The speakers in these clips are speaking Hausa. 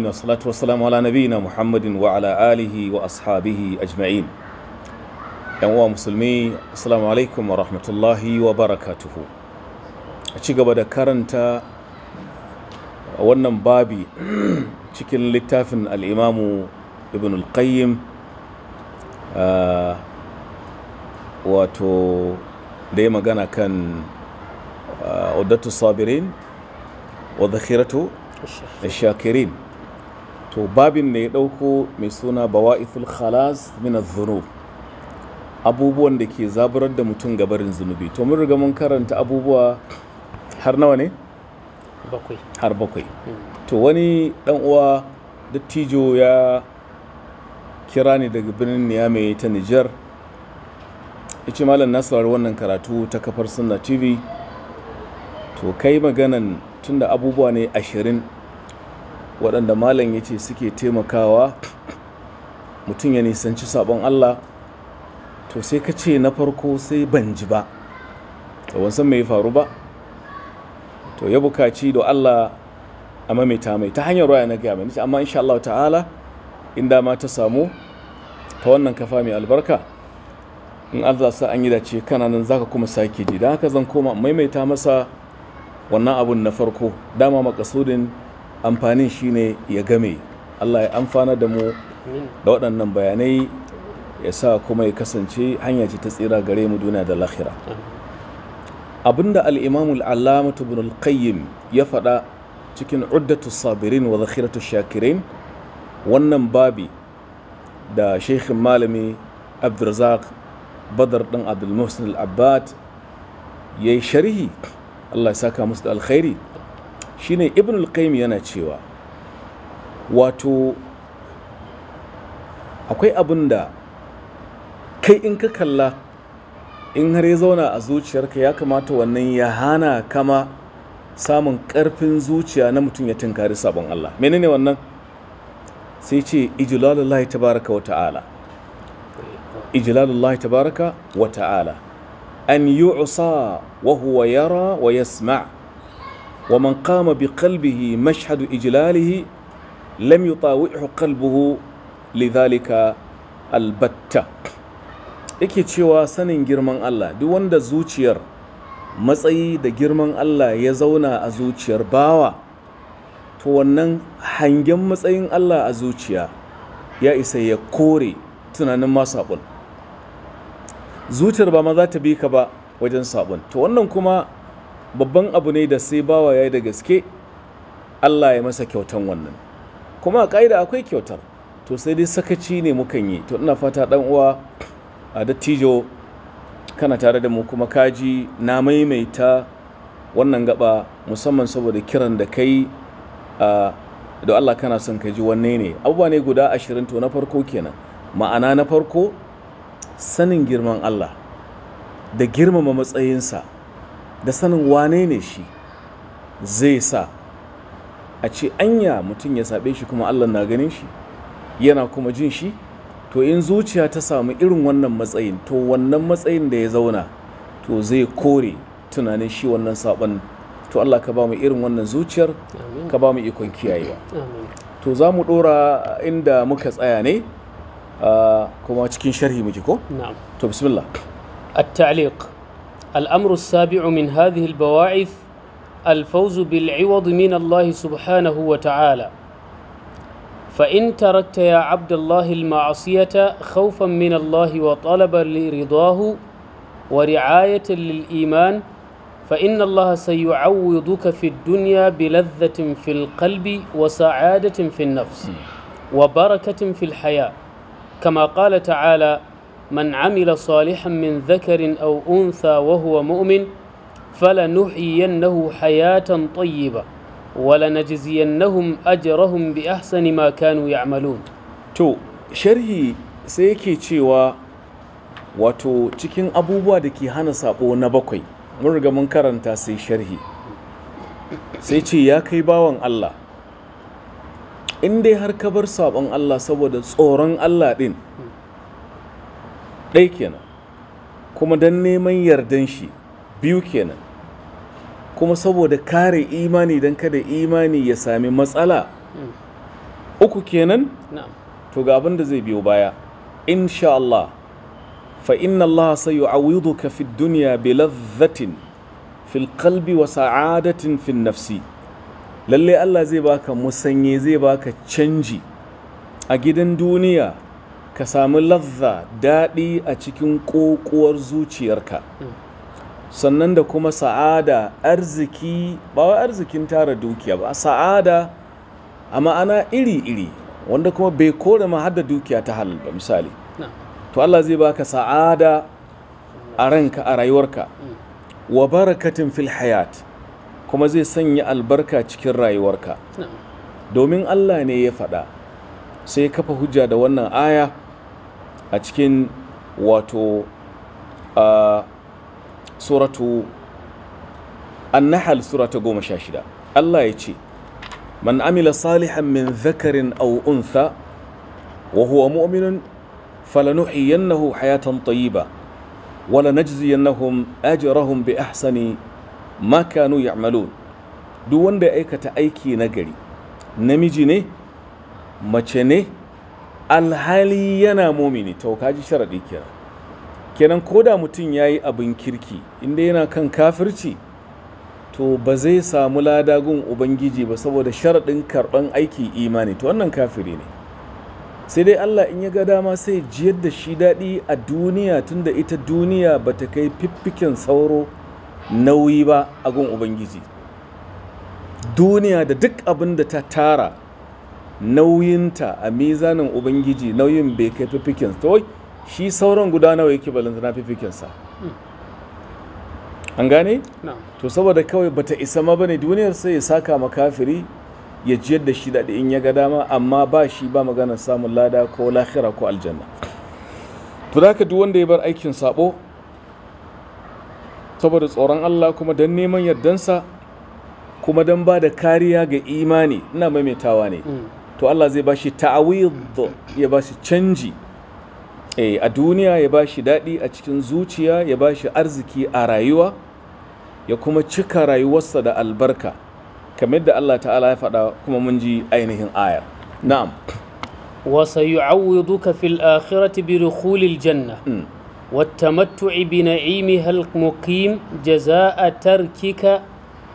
na salatu wasalamu ala nabina muhammadin wa ala alihi wa ashabihi ajma'in yan uwa musulmi assalamu alaikum wa rahmatullahi wa barakatuhu a ci gaba da karanta wannan babi cikin littafin al'imamu ibn al wato da ya magana kan udatu sabirin wa da shakirin to babin da ya ɗauko mai suna bawa khalas min adh abubuwan da ke zaburar da mutum gabarin zunubi to mun riga mun karanta abubuwa har nawa ne bakwai har bakwai hmm. to wani dan uwa dattijo ya kira ni daga birnin Niamey ta Niger ice malam na saurari wannan karatu ta kafar Sunna TV to kai maganan tunda abubuwa ne ashirin waɗanda malam ya ce suke taimakawa mutum ya nisanci sabon Allah to sai ka ce na farko sai ban ji ba to ban san ya faru ba to ya bukaci da Allah a mamaita mai ta hanyar waya na gaya nishi amma insha Allah ta'ala in dama ta samu ta wannan kafa mai albarka in Allah sa an yi ce kana nan zaka kuma sake ji dan haka zan koma maimaita masa wannan abun na farko dama makasudin amfanin shine ya game allah ya amfana da mu da waɗannan bayanai ya sa kuma ya kasance hanya ce ta tsira gare mu duniya da lahira abinda al'imamul allamatu bin al-qayyim ya faɗa cikin uddatu sabirin wa zakhiratu shakirin wannan babi da sheikhin malami abdulrazak badar ɗan abdulmuhsin al-abbad ya yi sharhi allah ya saka musu da alkhairi shine ibn al-qayyim yana cewa wato akwai abin da kai in ka kalla in har ya zauna a zuciyarka ya kamata wannan ya hana kama samun ƙarfin zuciya na mutum ya tunkari sabon Allah menene wannan sai ce ijlalullahi tabaraka wa ta'ala tabaraka wa ta'ala an yu'sa wa huwa yara wa yasma' ومن قام بقلبه مشهد إجلاله لم يطاوعه قلبه لذلك البتة yake cewa sanin girman Allah duk wanda zuciyar matsayi da girman Allah ya zauna a zuciyar bawa to wannan hangen matsayin Allah a zuciya ya isa ya kore tunanin ma sabon zuciyar ba ma za ta bi ka ba wajen sabon to wannan kuma babban abu ne da sai bawa ya yi da gaske Allah ya masa kyautan wannan kuma a ƙa'ida akwai kyautar to sai dai sakaci ne mukan yi to ina fata ɗan uwa a dattijo kana tare da mu kuma kaji na maimaita wannan gaba musamman saboda kiran da kai a da Allah kana son ka ji wanne ne abubuwa ne guda ashirin to na farko kenan ma'ana na farko sanin girman Allah da girmama matsayinsa da sanin wane ne shi zai sa a ce anya mutum ya saɓe shi kuma allah na ganin shi yana kuma jin shi to in zuciya ta samu irin wannan matsayin to wannan matsayin da ya zauna to zai kore tunanin shi wannan saɓon to allah ka ba mu irin wannan zuciyar ka ba mu ikon kiyayewa to za mu ɗora inda muka tsaya ne ah, kuma cikin sharhi muke ko? to bismillah at-ta'liq الأمر السابع من هذه البواعث الفوز بالعوض من الله سبحانه وتعالى فإن تركت يا عبد الله المعصية خوفا من الله وطلبا لرضاه ورعاية للإيمان فإن الله سيعوضك في الدنيا بلذة في القلب وسعادة في النفس وبركة في الحياة كما قال تعالى من عمل صالحا من ذكر أو أنثى وهو مؤمن فلنحيينه حياة طيبة ولنجزينهم أجرهم بأحسن ما كانوا يعملون to sharhi sai yake cewa wato cikin abubuwa da ke hana sabo na bakwai mun riga mun karanta sai sharhi sai ce ya kai bawan Allah in dai har ka bar sabon Allah saboda tsoron Allah din ɗai kenan kuma don neman yardan shi biyu kenan kuma saboda kare imani don kada imani ya sami matsala hmm. uku kenan to ga abin da zai biyo baya insha Allah fa inna Allah ka fid duniya bi ladhatin fil qalbi wa sa'adatin fin nafsi lalle Allah zai baka musanye zai baka canji a gidan duniya ka samu lazza daɗi a cikin ƙoƙuwar zuciyarka mm. sannan da kuma sa'ada arziki ba wa arzikin tara dukiya ba sa'ada a ma'ana iri-iri wanda kuma bai kore ma hada dukiya ta halal ba misali to Allah zai baka sa'ada a ranka a rayuwarka mm. wa barakatin fil hayat kuma zai sanya albarka cikin rayuwarka domin Allah ne ya faɗa sai kafa hujja da wannan aya a cikin wato a suratu annahal surata goma sha shida Allah ya ce man amila salihan min zakarin aw untha wa huwa mu'minun falanuhiyannahu hayatan tayyiba wa lanajziyannahum ajrahum bi ahsani ma kanu ya'malun duk wanda ya aikata aiki na gari namiji ne mace ne alhali yana mumini to kaji sharaɗi kenan kenan ko da mutum ya yi abin kirki inda yana kan kafirci to ba zai samu lada ubangiji ba saboda sharaɗin karɓan aiki imani to wannan kafiri ne sai dai allah in ya ga dama sai jiyar da shi daɗi a duniya tunda ita duniya ba ta kai fiffiken sauro nauyi ba a ubangiji duniya da duk abin da ta tara nauyinta a mizanin ubangiji nauyin bai kai fifikin to shi sauran guda nawa yake balanta na fifikinsa an gane to saboda kawai bata isa ma bane duniyar sai ya saka makafiri ya jiyar da shi daɗi in ya ga dama amma ba shi ba magana samun lada ko lahira ko aljanna to da duk wanda ya bar aikin sabo saboda tsoron Allah kuma don neman yardansa kuma don ba da kariya ga imani ina maimaitawa ne mm. to Allah zai bashi ta'awid ya bashi canji eh, a duniya ya bashi daɗi a cikin zuciya ya bashi arziki a rayuwa ya kuma cika rayuwarsa da albarka kamar da Allah ta'ala ya faɗa kuma mun ji ainihin ayar na'am وسيعوضك في الآخرة بدخول الجنة م. والتمتع بنعيمها المقيم جزاء تركك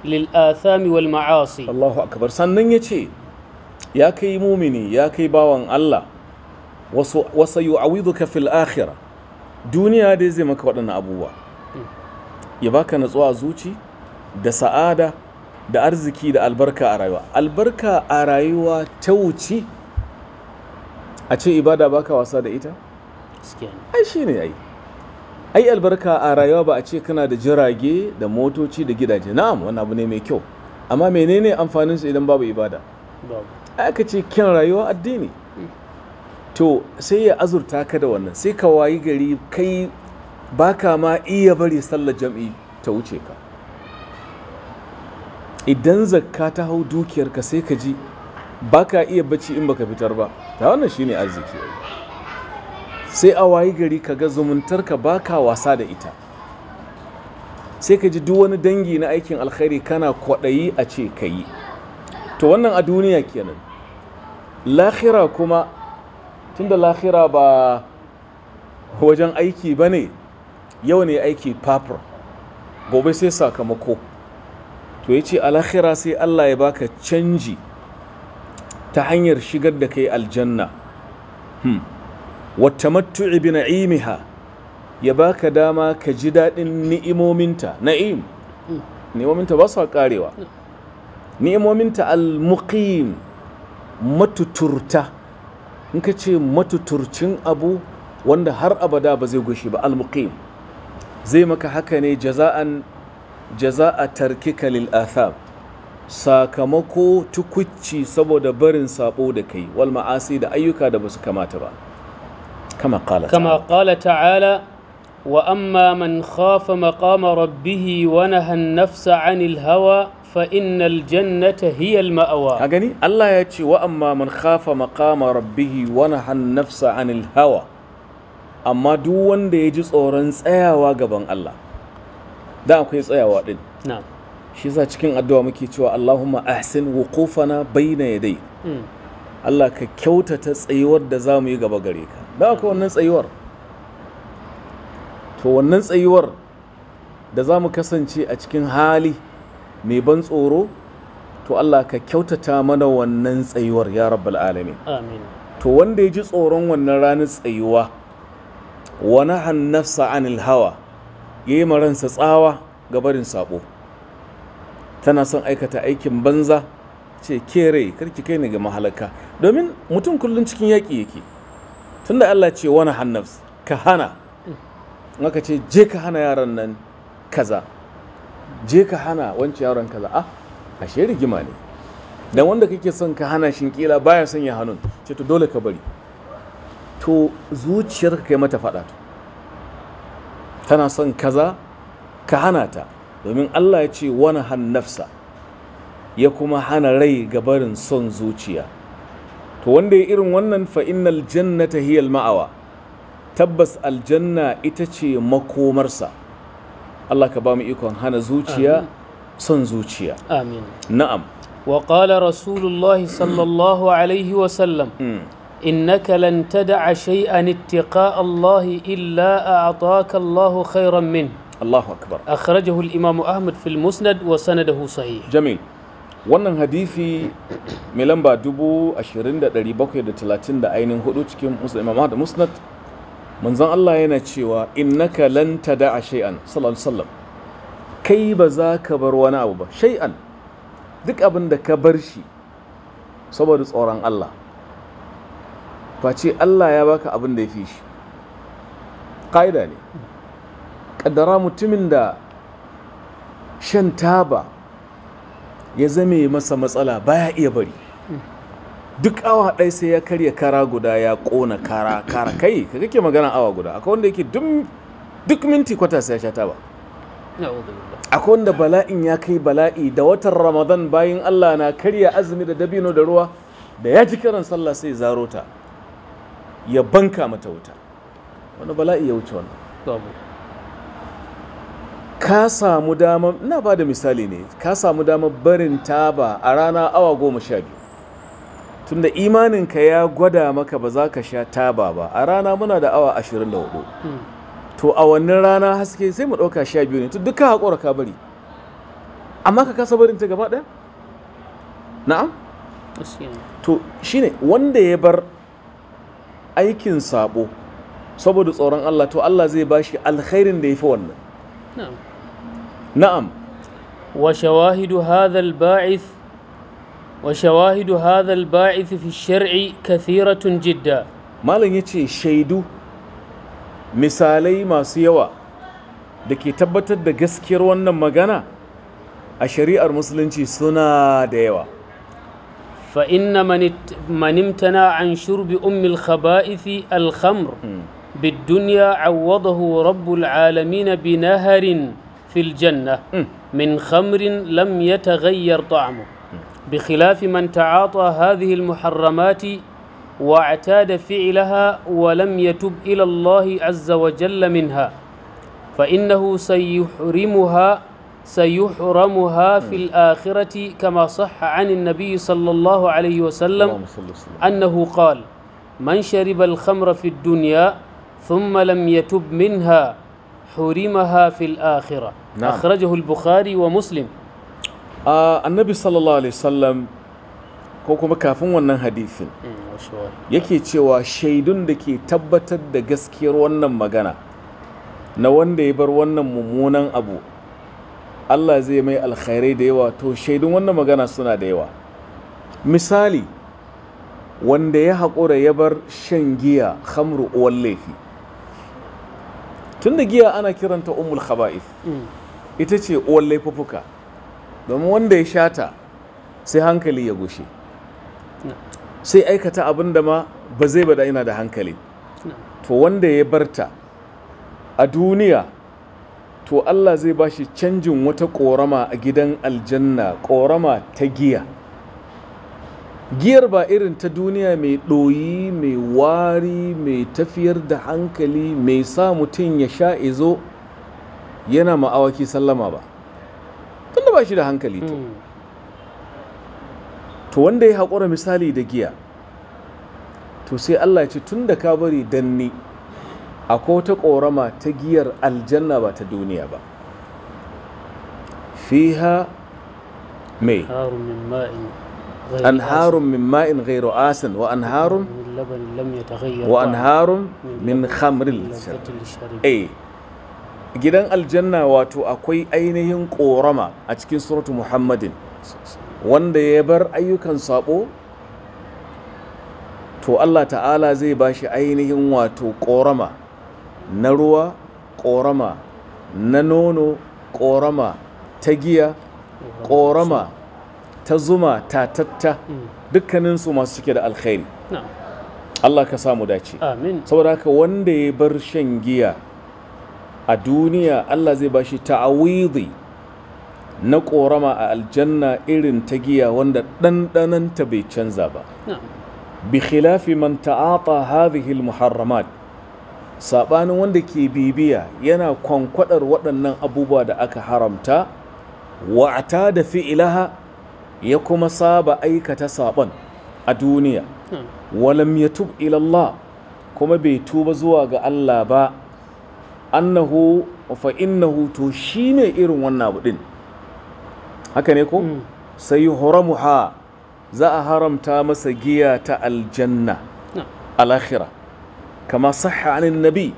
للآثام والمعاصي الله أكبر سنن يتي ya kai mumini ya kai bawan Allah wasu yu'awiduka fil akhirah duniya dai zai maka waɗannan abubuwa ya baka natsuwa zuci da sa'ada da arziki da albarka a rayuwa albarka a rayuwa ta wuce a ce ibada baka wasa da ita ai shi ne ai ai albarka a rayuwa ba a ce kana da jirage da motoci da gidaje na'am wannan abu ne mai kyau amma menene amfanin su idan babu ibada babu aka ce kyan rayuwa addini to sai ya azurta ka da wannan sai ka wayi gari kai baka ma iya bari sallar jam'i ta wuce ka idan zakka ta hau dukiyarka sai ka ji baka iya bacci in baka fitar ba ta wannan shine arziki sai a wayi gari ka ga zumuntarka baka wasa da ita sai ka ji duk wani dangi na aikin alkhairi kana kwaɗayi a ce ka yi to wannan a duniya kenan lahira kuma tunda lahira ba wajen aiki ba ne yau ne aiki papar gobe sai sakamako to ya ce a lahira sai allah ya baka canji ta hanyar shigar da kai aljanna hmm. wata matu'i bi na'imiha ya baka dama ka ji daɗin ni'imominta na'im hmm. ni'imominta ba su karewa ni'imominta al-muqim matuturta in ka ce matuturcin abu wanda har abada ba zai gushi ba al-muqim zai maka haka ne jaza'an jaza'a tarkika lil athab sakamako tukucci saboda barin sabo da kai wal ma'asi da ayyuka da basu kamata ba kama qala kama qala ta'ala wa amma man khafa maqama rabbih wa nahan nafsa 'anil hawa fa innal jannata hiya al ma'awa a gani Allah ya ce wa amma man duk wanda ya ji tsoron tsayawa gaban Allah da akwai tsayawa din na'am shi yasa cikin addu'a muke cewa Allahumma ahsin wuqufana bayna yaday hmm. Allah ka kyautata tsayuwar da za mu yi gaba gare ka da akwai to wannan tsayuwar da za mu kasance a cikin hali mai ban tsoro to Allah ka kyautata mana wannan tsayuwar ya rabbal alamin amin to wanda ya ji tsoron wannan ranar tsayuwa wa nahan nafsa anil hawa yayi maransa tsawa ga barin sabo tana son aikata aikin banza ce kere karki kai ne ga mahalaka domin mutum kullum cikin yaƙi yake tunda Allah ce wani hannafs ka hana maka ce je ka hana yaran nan kaza je ka hana wancan yaron kaza a ah, ashe rigima ne dan wanda kake son ka hana shin kila baya son ya hannun ce to dole ka bari to zuciyar ka kai mata faɗa to tana son kaza ka hana ta domin Allah ya ce wani han nafsa ya kuma hana rai ga barin son zuciya to wanda ya irin wannan fa innal jannata hiyal ma'awa tabbas aljanna ita ce makomarsa Allah ka ba mu ikon hana zuciya son zuciya amin na'am wa qala rasulullahi sallallahu alaihi wa sallam hmm. innaka lan tad'a shay'an ittiqa Allah illa a'taka Allah khairan min الله أكبر أخرجه الإمام أحمد في المسند وسنده صحيح جميل wannan hadisi mai lamba dubu ashirin da ɗari bakwai da talatin da ainihin hudu cikin musulman da musnad manzon Allah yana cewa in lan tada'a shay'an sallallahu alaihi wasallam kai ba za ka bar wani abu ba Shai'an duk abin da ka bar shi saboda tsoron Allah face Allah ya baka abin da ya fi shi ƙa'ida ne ƙaddara mutumin da shan taba ya zame masa matsala baya iya bari duk awa ɗaya sai ya karya kara guda ya ƙona kara kara kai ka kake magana awa guda akwai wanda yake duk minti kwata sai ya sha taba akwai wanda bala'in ya kai bala'i da watan ramadan bayan allah na karya azumi da dabino da ruwa da ya ji karan sallah sai zaro ta ya banka mata wuta wani bala'i ya wuce wannan ka samu dama na ba da misali ne ka samu dama barin taba a rana awa goma sha biyu tunda imaninka ya gwada maka ba za ka sha taba ba a rana muna da awa 24 to a wannan rana haske sai mu ɗauka sha biyu ne to duka haƙura ka bari amma ka kasa barin ta gaba ɗaya na'am to shine wanda ya bar aikin sabo saboda tsoron Allah to Allah zai ba shi alkhairin da ya fi wannan na'am wa shawahidu hadha al-ba'ith وشواهد هذا الباعث في الشرع كثيرة جدا ما لن يتي شيدو مثالي ما سيوا دكي ke tabbatar da gaskiyar wannan magana a shari'ar musulunci suna فإن من ات... من امتنع عن شرب أم الخبائث الخمر بالدنيا عوضه رب العالمين بنهر في الجنة من خمر لم يتغير طعمه بخلاف من تعاطى هذه المحرمات واعتاد فعلها ولم يتب إلى الله عز وجل منها فإنه سيحرمها سيحرمها في الآخرة كما صح عن النبي صلى الله عليه وسلم أنه قال من شرب الخمر في الدنيا ثم لم يتب منها حرمها في الآخرة نعم. أخرجه البخاري ومسلم annabi sallallahu alaihi wasallam ko kuma kafin wannan hadithin mm, yake cewa shaidun da ke tabbatar da gaskiyar wannan magana na wanda ya bar wannan mummunan abu Allah zai mai alkhairai da yawa to shaidun wannan magana suna da yawa misali wanda ya haƙura ya bar shan giya khamru uwan laifi tun da giya ana kiranta umul khaba'if mm. ita ce uwan laifuffuka domin wanda ya shata sai hankali ya gushe sai aikata abin da ma ba zai bada yana da hankali to wanda ya barta a duniya to Allah zai ba shi canjin wata ƙorama a gidan aljanna ƙorama ta giya giyar ba irin ta duniya mai ɗoyi mai wari mai tafiyar da hankali mai sa mutum ya sha izo yana ma'awaki sallama ba tunda ba shi da hankali to hmm. to wanda ya haƙura misali da giya to sai Allah ya ce tun da ka bari danni akwai wata ƙorama ta giyar aljanna ba ta duniya ba fiha mai an harun min غير آسن وأنهار من لبن لم wa an harun min الشرب shari'a gidan aljanna wato akwai ainihin ƙorama a cikin suratu muhammadin wanda ya bar ayyukan sabo to allah ta'ala zai ba shi ainihin wato ƙorama na ruwa ƙorama na nono ƙorama ta giya ƙorama ta zuma ta tatta hmm. dukkaninsu masu cike da alkhairi allah ka samu dace saboda haka wanda ya bar shan giya a duniya Allah zai ba shi ta'awidi na ƙorama a aljanna irin ta giya wanda ɗanɗananta bai canza ba bi khilafi man ta'ata hadhihi almuharramat sabanin wanda ke bibiya yana kwankwadar waɗannan abubuwa da aka haramta wa'ata da fi'ilaha ya kuma saba aikata saban a duniya walam yatub ila Allah kuma bai tuba zuwa ga Allah ba annahu fa innahu to shine irin wannan abu din haka ne ko mm. sai haramuha za a haramta masa giya ta aljanna alakhira kama sahha anin nabi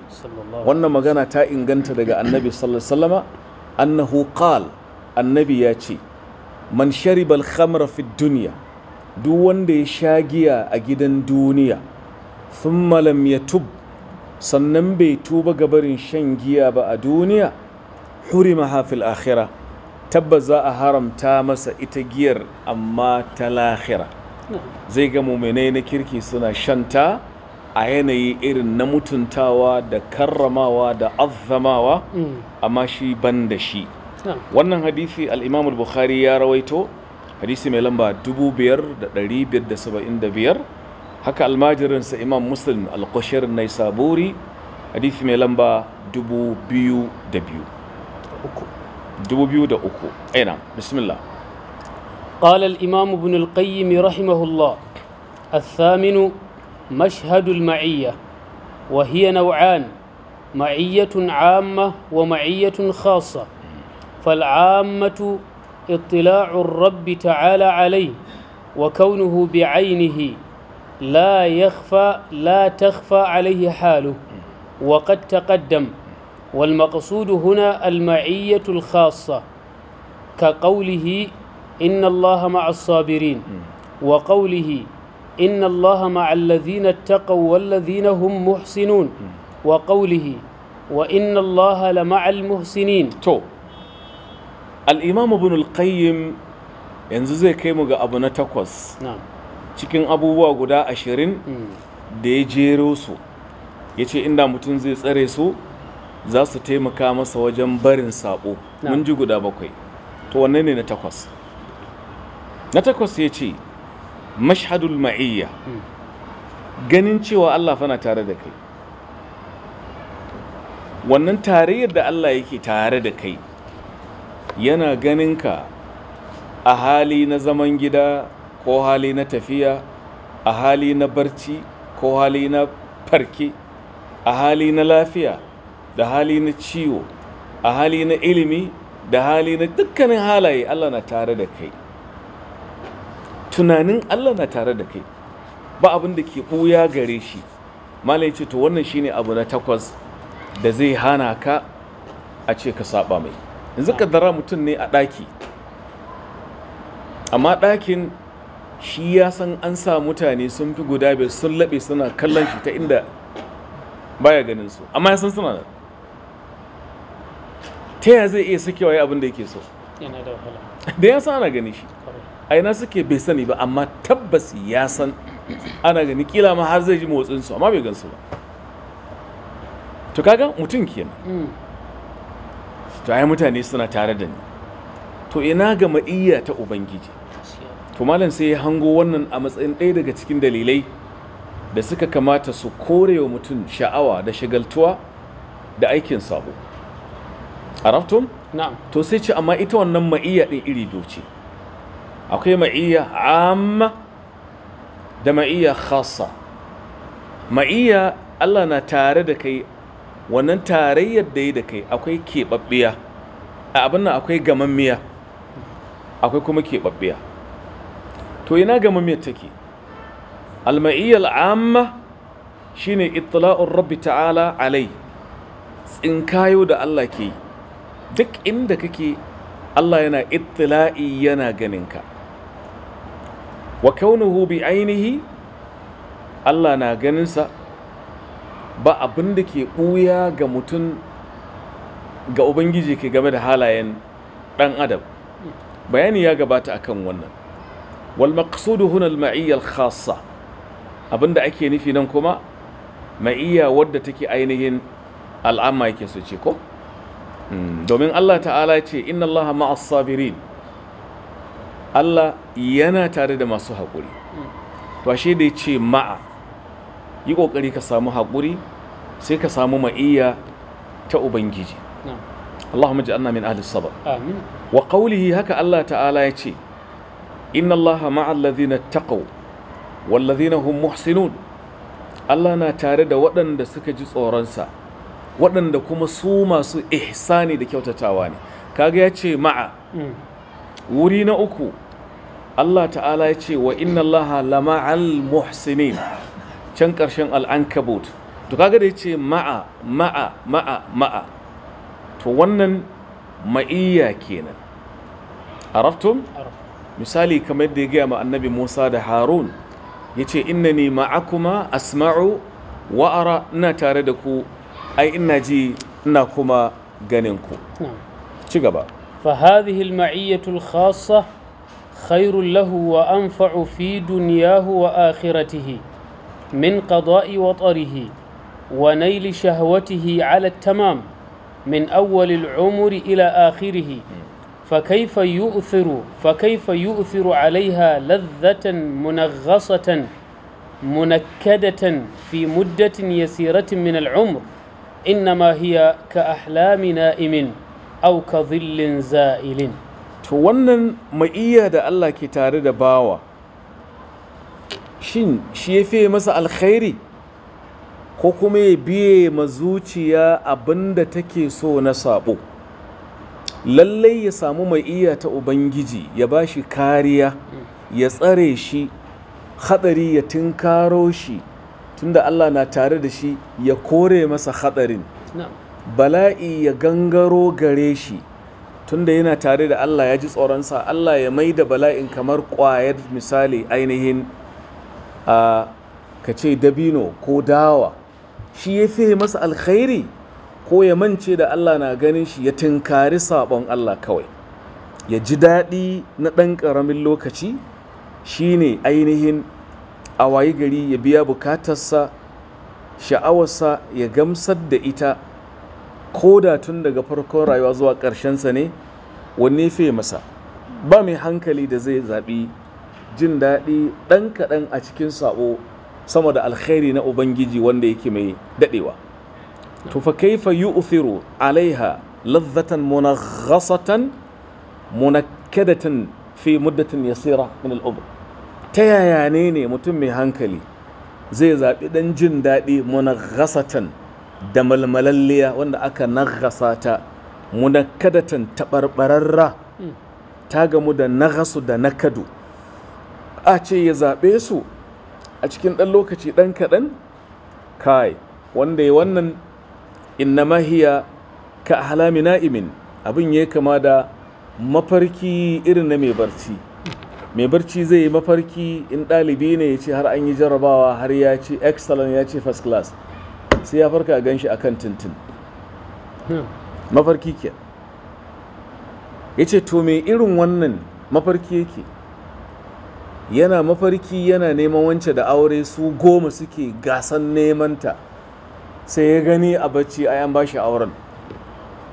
wannan magana ta inganta daga annabi sallallahu alaihi annahu qal annabi ya ce man shariba al-khamra fi dunya duk wanda ya sha giya a gidan duniya thumma lam yatub sannan bai tuba ga barin shan giya ba a duniya hurima hafil akhira tabbas za a haramta masa ita giyar amma ta lahira zai ga muminai na kirki suna shanta a yanayi irin na mutuntawa da karramawa da azzamawa amma shi ban da shi wannan hadisi al bukhari ya rawaito hadisi mai lamba 5575 هكا إمام مسلم القشير haka almajirinsa imam muslim alƙashir na saburi hadithi mai أي نعم بسم الله قال الإمام ابن القيم رحمه الله الثامن مشهد المعية وهي نوعان معية عامة ومعية خاصة فالعامة اطلاع الرب تعالى عليه وكونه بعينه لا يخفى لا تخفى عليه حاله وقد تقدم والمقصود هنا المعية الخاصة كقوله إن الله مع الصابرين وقوله إن الله مع الذين اتقوا والذين هم محسنون وقوله وإن الله لمع المحسنين تو الإمام ابن القيم ينزل زي كيمو أبو نتقوس نعم cikin abubuwa guda ashirin hmm. da ya jero su ya ce inda mutum zai tsare su za su taimaka masa wajen barin sabo mun ji guda bakwai to wanne ne na takwas na takwas ya ce mashhadul ma'iyya hmm. ganin cewa Allah fana tare da kai wannan tarayyar da Allah yake tare da kai yana ganinka a hali na zaman gida ko hali na tafiya a hali na barci ko hali na farke a hali na lafiya da hali na ciwo a hali na ilimi da hali na dukkanin halaye Allah na tare da kai tunanin Allah na tare da kai ba abin da ke ɓuya gare shi malai ce to wannan shine abu na takwas da zai hana ka a ce ka saba mai yanzu dara mutum ne a ɗaki amma ɗakin shi ya san an sa mutane sun fi guda biyar sun laɓe suna kallon shi ta inda baya ganin su amma ya san suna nan ta yaya zai iya sakewa wa abin da yake so da ya san ana gani shi a ina suke bai sani ba amma tabbas ya san ana gani kila ma har zai ji motsin su amma bai gan su ba to kaga mutum kenan mm. to ai mutane suna tare da ni to ina ga ma'iyya ta ubangiji to malam sai ya hango wannan a matsayin ɗaya daga cikin dalilai da suka kamata su kore wa mutum sha'awa da shagaltuwa da aikin sabo raftun? na'am to sai ce amma ita wannan ma'iyya ɗin iri doce akwai ma'iyya amma da ma'iyya khasa ma'iyya Allah na tare da kai wannan tarayyar da yi da kai akwai keɓaɓɓiya a abin nan akwai gamammiya akwai kuma keɓaɓɓiya to ina ga mamiyar take alma'iyyar amma shine ittila'un rabbi ta'ala alai tsinkayo da Allah ke duk inda kake Allah yana ittila'i yana ganinka wa kaunuhu bi ainihi Allah na ganinsa ba abin da ke ɓuya ga mutum ga Ubangiji ke game da halayen ɗan adam bayani ya gabata akan wannan wal maqsudu huna al khassa abinda ake nufi nan kuma ma'iyya wadda take ainihin al'amma yake su ce ko domin Allah ta'ala ce inna Allah ma'as sabirin Allah yana tare da masu haƙuri to ashe da ce ma'a yi ƙoƙari ka samu haƙuri sai ka samu ma'iyya ta ubangiji Allahumma ja'alna min ahli sabr wa qawlihi haka Allah ta'ala ya ce inna allaha ma'al ladhina taqaw wal ladhina hum muhsinun Allah na tare da waɗanda suka ji tsoronsa waɗanda kuma su masu ihsani da kyautatawa ne kaga yace ce ma'a mm. wuri na uku Allah ta'ala ya ce wa inna Allah lama'al muhsinin can ƙarshen al'ankabut to kaga yace ya ce ma'a ma'a ma'a ma'a to wannan ma'iyya kenan araftum misali kamar da ya gaya ma annabi musa da harun yace innani ma'akuma asma'u wa ara ina tare da ku ai ina ji ina kuma ganin ku ci gaba fa hadhihi al فهذه المعية الخاصة خير له وأنفع في دنياه وآخرته من قضاء وطره ونيل شهوته على التمام من أول العمر إلى آخره فكيف يؤثر فكيف يؤثر عليها لذة منغصة منكدة في مدة يسيرة من العمر إنما هي كأحلام نائم أو كظل زائل to wannan ma'iyya da Allah ke tare da bawa shin shi ya fiye masa alkhairi ko kuma ya biye ma zuciya abinda take so na sabo lallai ya samu mai iya ta ubangiji ya ba shi kariya ya tsare shi hadari ya tinkaro shi tunda Allah na tare da shi ya kore masa hadarin bala'i ya gangaro gare shi tunda yana tare da Allah ya ji tsoronsa Allah ya mai da bala'in kamar kwayar misali ainihin a kace dabino ko dawa shi ya fi masa alkhairi ko ya mance da Allah na ganin shi ya tunkari sabon Allah kawai ya ji daɗi na ɗan ƙaramin lokaci shi ne ainihin a wayi gari ya biya bukatarsa sha'awarsa ya gamsar da ita ko da tun daga farkon rayuwa zuwa ƙarshensa ne wanne fi masa ba mai hankali da zai zaɓi jin daɗi ɗan kaɗan a cikin saɓo sama da alkhairi na ubangiji wanda yake mai daɗewa to fa kaifa yu'thiru alaiha ladzatan munaghasatan munakkadatan fi muddatin yasira min al ta yaya ne ne mutum mai hankali zai zaɓi ɗan jin daɗi munaghasatan da malmalalliya wanda aka naghasa ta munakkadatan taɓarɓararra ta gamu da nagasu da nakadu a ce ya zaɓe su a cikin ɗan lokaci ɗan kaɗan kai wanda ya wannan inna mahiya ka ahlami na'imin abin ya kama da mafarki irin na mai barci mai barci zai yi mafarki in ɗalibi ne ya ce har an yi jarrabawa har ya ce excellent ya ce first class sai ya farka gan shi akan tintin mafarki ke ya ce to me irin wannan mafarki yake yana mafarki yana neman wance da aure su goma suke gasan nemanta sai ya gani a bacci a yan bashi auren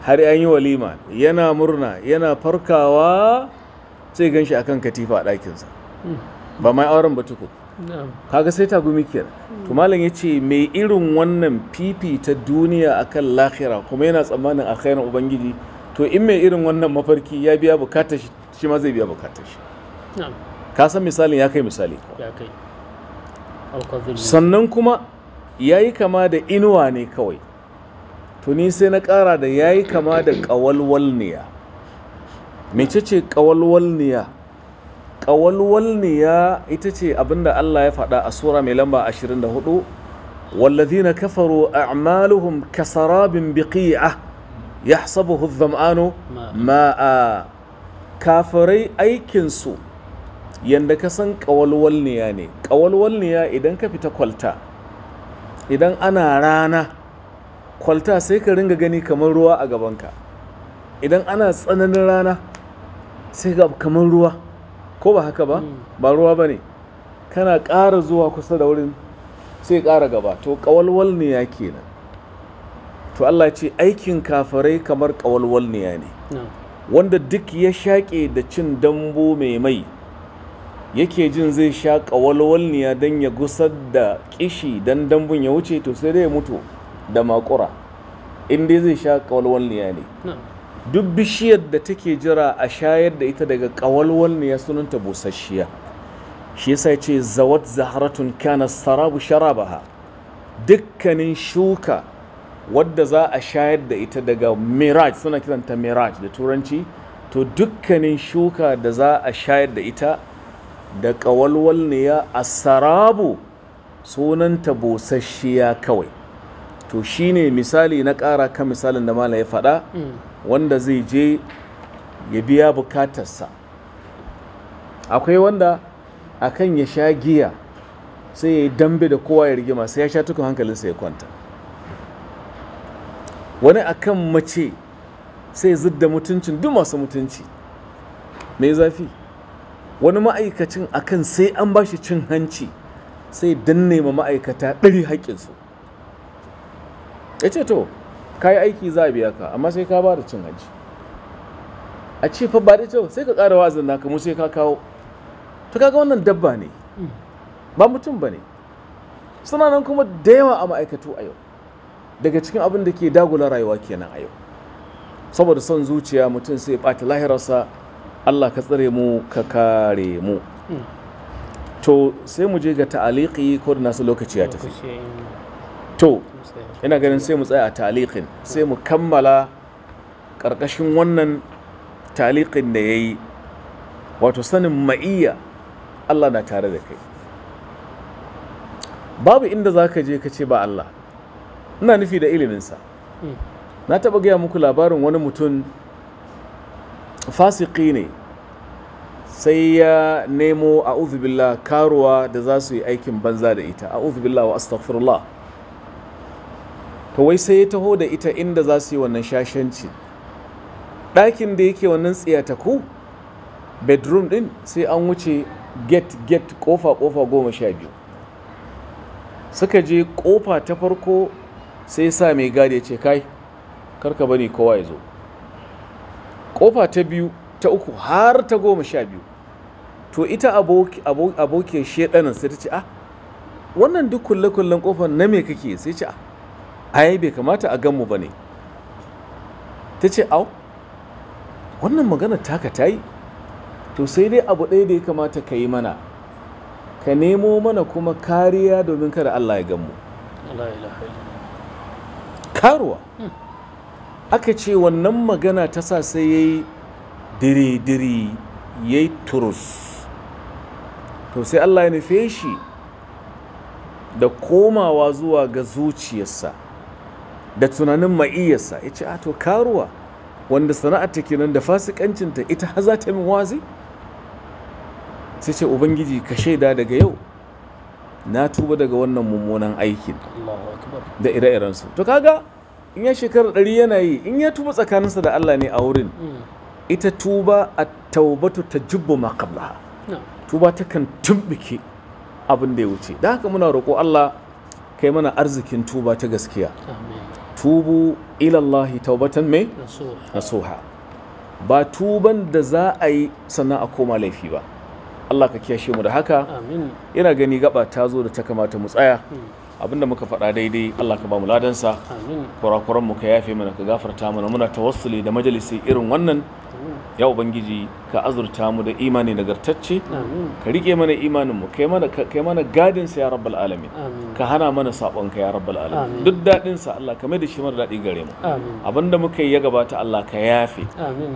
har an yi walima yana murna yana farkawa sai gan shi akan katifa a ɗakinsa hmm. ba mai auren ba tuku kaga sai tagumi kenan to malam yace mai irin wannan fifita duniya akan lahira kuma yana tsammanin a kainan ubangiji to in mai irin wannan mafarki ya biya bukatar shi shi ma zai biya bukatar shi ka san misalin ya kai misali sannan kuma ya yi kama da inuwa ne kawai tuni sai na ƙara da ya yi kama da ƙawalwalniya mece ce ƙawalwalniya ƙawalwalniya ita ce abinda Allah ya faɗa a sura mai lamba 24 wallazina kafaru a'maluhum kasarabin biqi'a yahsabuhu adh-dham'anu ma'a kafirai aikinsu yanda ka san ƙawalwalniya ne ƙawalwalniya idan ka fita kwalta idan ana rana kwalta sai ka ringa gani kamar ruwa a gabanka idan ana tsananin rana sai ga kamar ruwa ko ba haka ba hmm. ba ruwa ba ne kana ƙara zuwa kusa da wurin sai ƙara gaba to ƙawalwal ne ya kenan to Allah ce aikin kafarai kamar ƙawalwal ne ya ne wanda duk ya shaƙe da cin dambo mai mai yake jin zai sha ƙawalwalniya don ya gusar da kishi don dambun ya wuce to sai dai ya mutu da makura in dai zai sha ƙawalwalniya ne duk bishiyar da take jira a shayar da ita daga ƙawalwalniya sunanta busasshiya shi yasa ce zawat zaharatun kana sarabu sharabaha dukkanin shuka wadda za a shayar da ita daga miraj suna kiranta miraj da turanci to dukkanin shuka da za a shayar da ita da ya a sarabu sunanta busasshiya kawai to shi ne misali na ƙara kan misalin da mala ya faɗa wanda zai je ya biya bukatarsa akwai wanda akan ya sha giya sai ya yi dambe da kowa ya rigima sai ya sha tukun hankalinsa ya kwanta wani akan mace sai zidda mutuncin duk masu mutunci mai zafi wani ma'aikacin akan sai an bashi cin hanci sai danne ma ma'aikata ɗari haƙƙinsu ya ce to ka yi aiki za a biya ka amma sai ka ba da cin hanci a ce fa ba da cewa sai ka ƙara wazin naka mu sai ka kawo to kaga wannan dabba ne ba mutum ba ne suna nan kuma da yawa a ma'aikatu a yau daga cikin abin da ke dagula rayuwa kenan a yau saboda son zuciya mutum sai ɓata lahirarsa Allah ka tsare mu ka kare mu hmm. to sai mu je ga ta'aliki ko da nasu lokaci ya tafi to ina ganin sai mu tsaya a ta'alikin sai mu kammala ƙarƙashin wannan ta'alikin da ya yi wato sanin ma'iyya Allah na tare da kai babu inda za ka je ka ce ba Allah ina nufi da iliminsa hmm. na taɓa gaya muku labarin wani mutum fasiki ne sai ya nemo a karuwa da za su yi aikin banza da ita a billah wa astaghfirullah sai ya taho da ita inda za su yi wannan shashanci ɗakin da yake wannan tsiyataku bedroom din sai an wuce get get kofa kofa goma sha biyu suka je kofa ta farko sai sa mai gadi ya ce kai karka bani kowa ya zo kofa ta biyu ta uku har ta goma sha biyu to ita abokin shedanin sai ta ce ah wannan duk kulle-kullen kofar na me kake sai ce ah ai bai kamata a ganmu ba ne ta ce au wannan magana taka ta yi to sai dai abu ɗaya da ya kamata ka yi mana ka nemo mana kuma kariya domin kada Allah ya gamu karuwa hmm. aka ce wannan magana ta sa sai ya yi diri-diri ya yi turus to sai allah ya nufe shi da komawa zuwa ga zuciyarsa da tunanin ma'iyarsa ya ce to karuwa wanda sana'ar ta kenan da fasikancinta ita haza ta min wazi sai ce ubangiji ka shaida daga yau na tuba daga wannan mummunan aikin da ire-irensu to kaga in ya shekarar ɗari yana yi in ya tuba tsakaninsa da Allah ne a wurin hmm. ita tuba a taubatu ta jubbo ma kabla tuba ta kan tumbike abin da ya wuce da haka muna roƙo Allah kai mana arzikin tuba ta gaskiya tubu ilallahi taubatan mai nasuha ba tuban da za a yi sannan a koma laifi ba Allah ka kiyashe mu da haka yana gani gaba ta zo da ta kamata mu tsaya hmm. abinda muka faɗa daidai Allah ka ba mu ladansa kurakuran mu ka yafe mana ka gafarta mana muna tawassuli da majalisi irin wannan ya ubangiji ka azurta mu da imani nagartacce ka rike mana imanin mu kai mana kai mana gadin sa ya rabbal alamin ka hana mana sabon ka ya rabbal alamin duk dadin sa Allah ka da shi mara dadi gare mu abinda muka yi ya gabata Allah ka yafe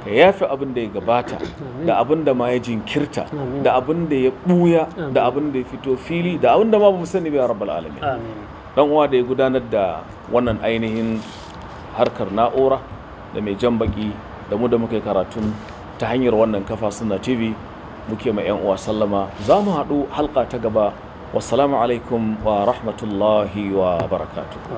ka yafe abinda ya gabata da abinda ma ya jinkirta da abinda ya buya da abinda ya fito fili da abinda ma ba mu sani ba ya rabbal alamin dan uwa da ya gudanar da wannan ainihin harkar na'ura da mai jan baki da mu da muka yi karatun ta hanyar wannan kafa suna tv muke ma 'yan uwa sallama za mu haɗu halka ta gaba wasu alaikum wa rahmatullahi wa barakatuh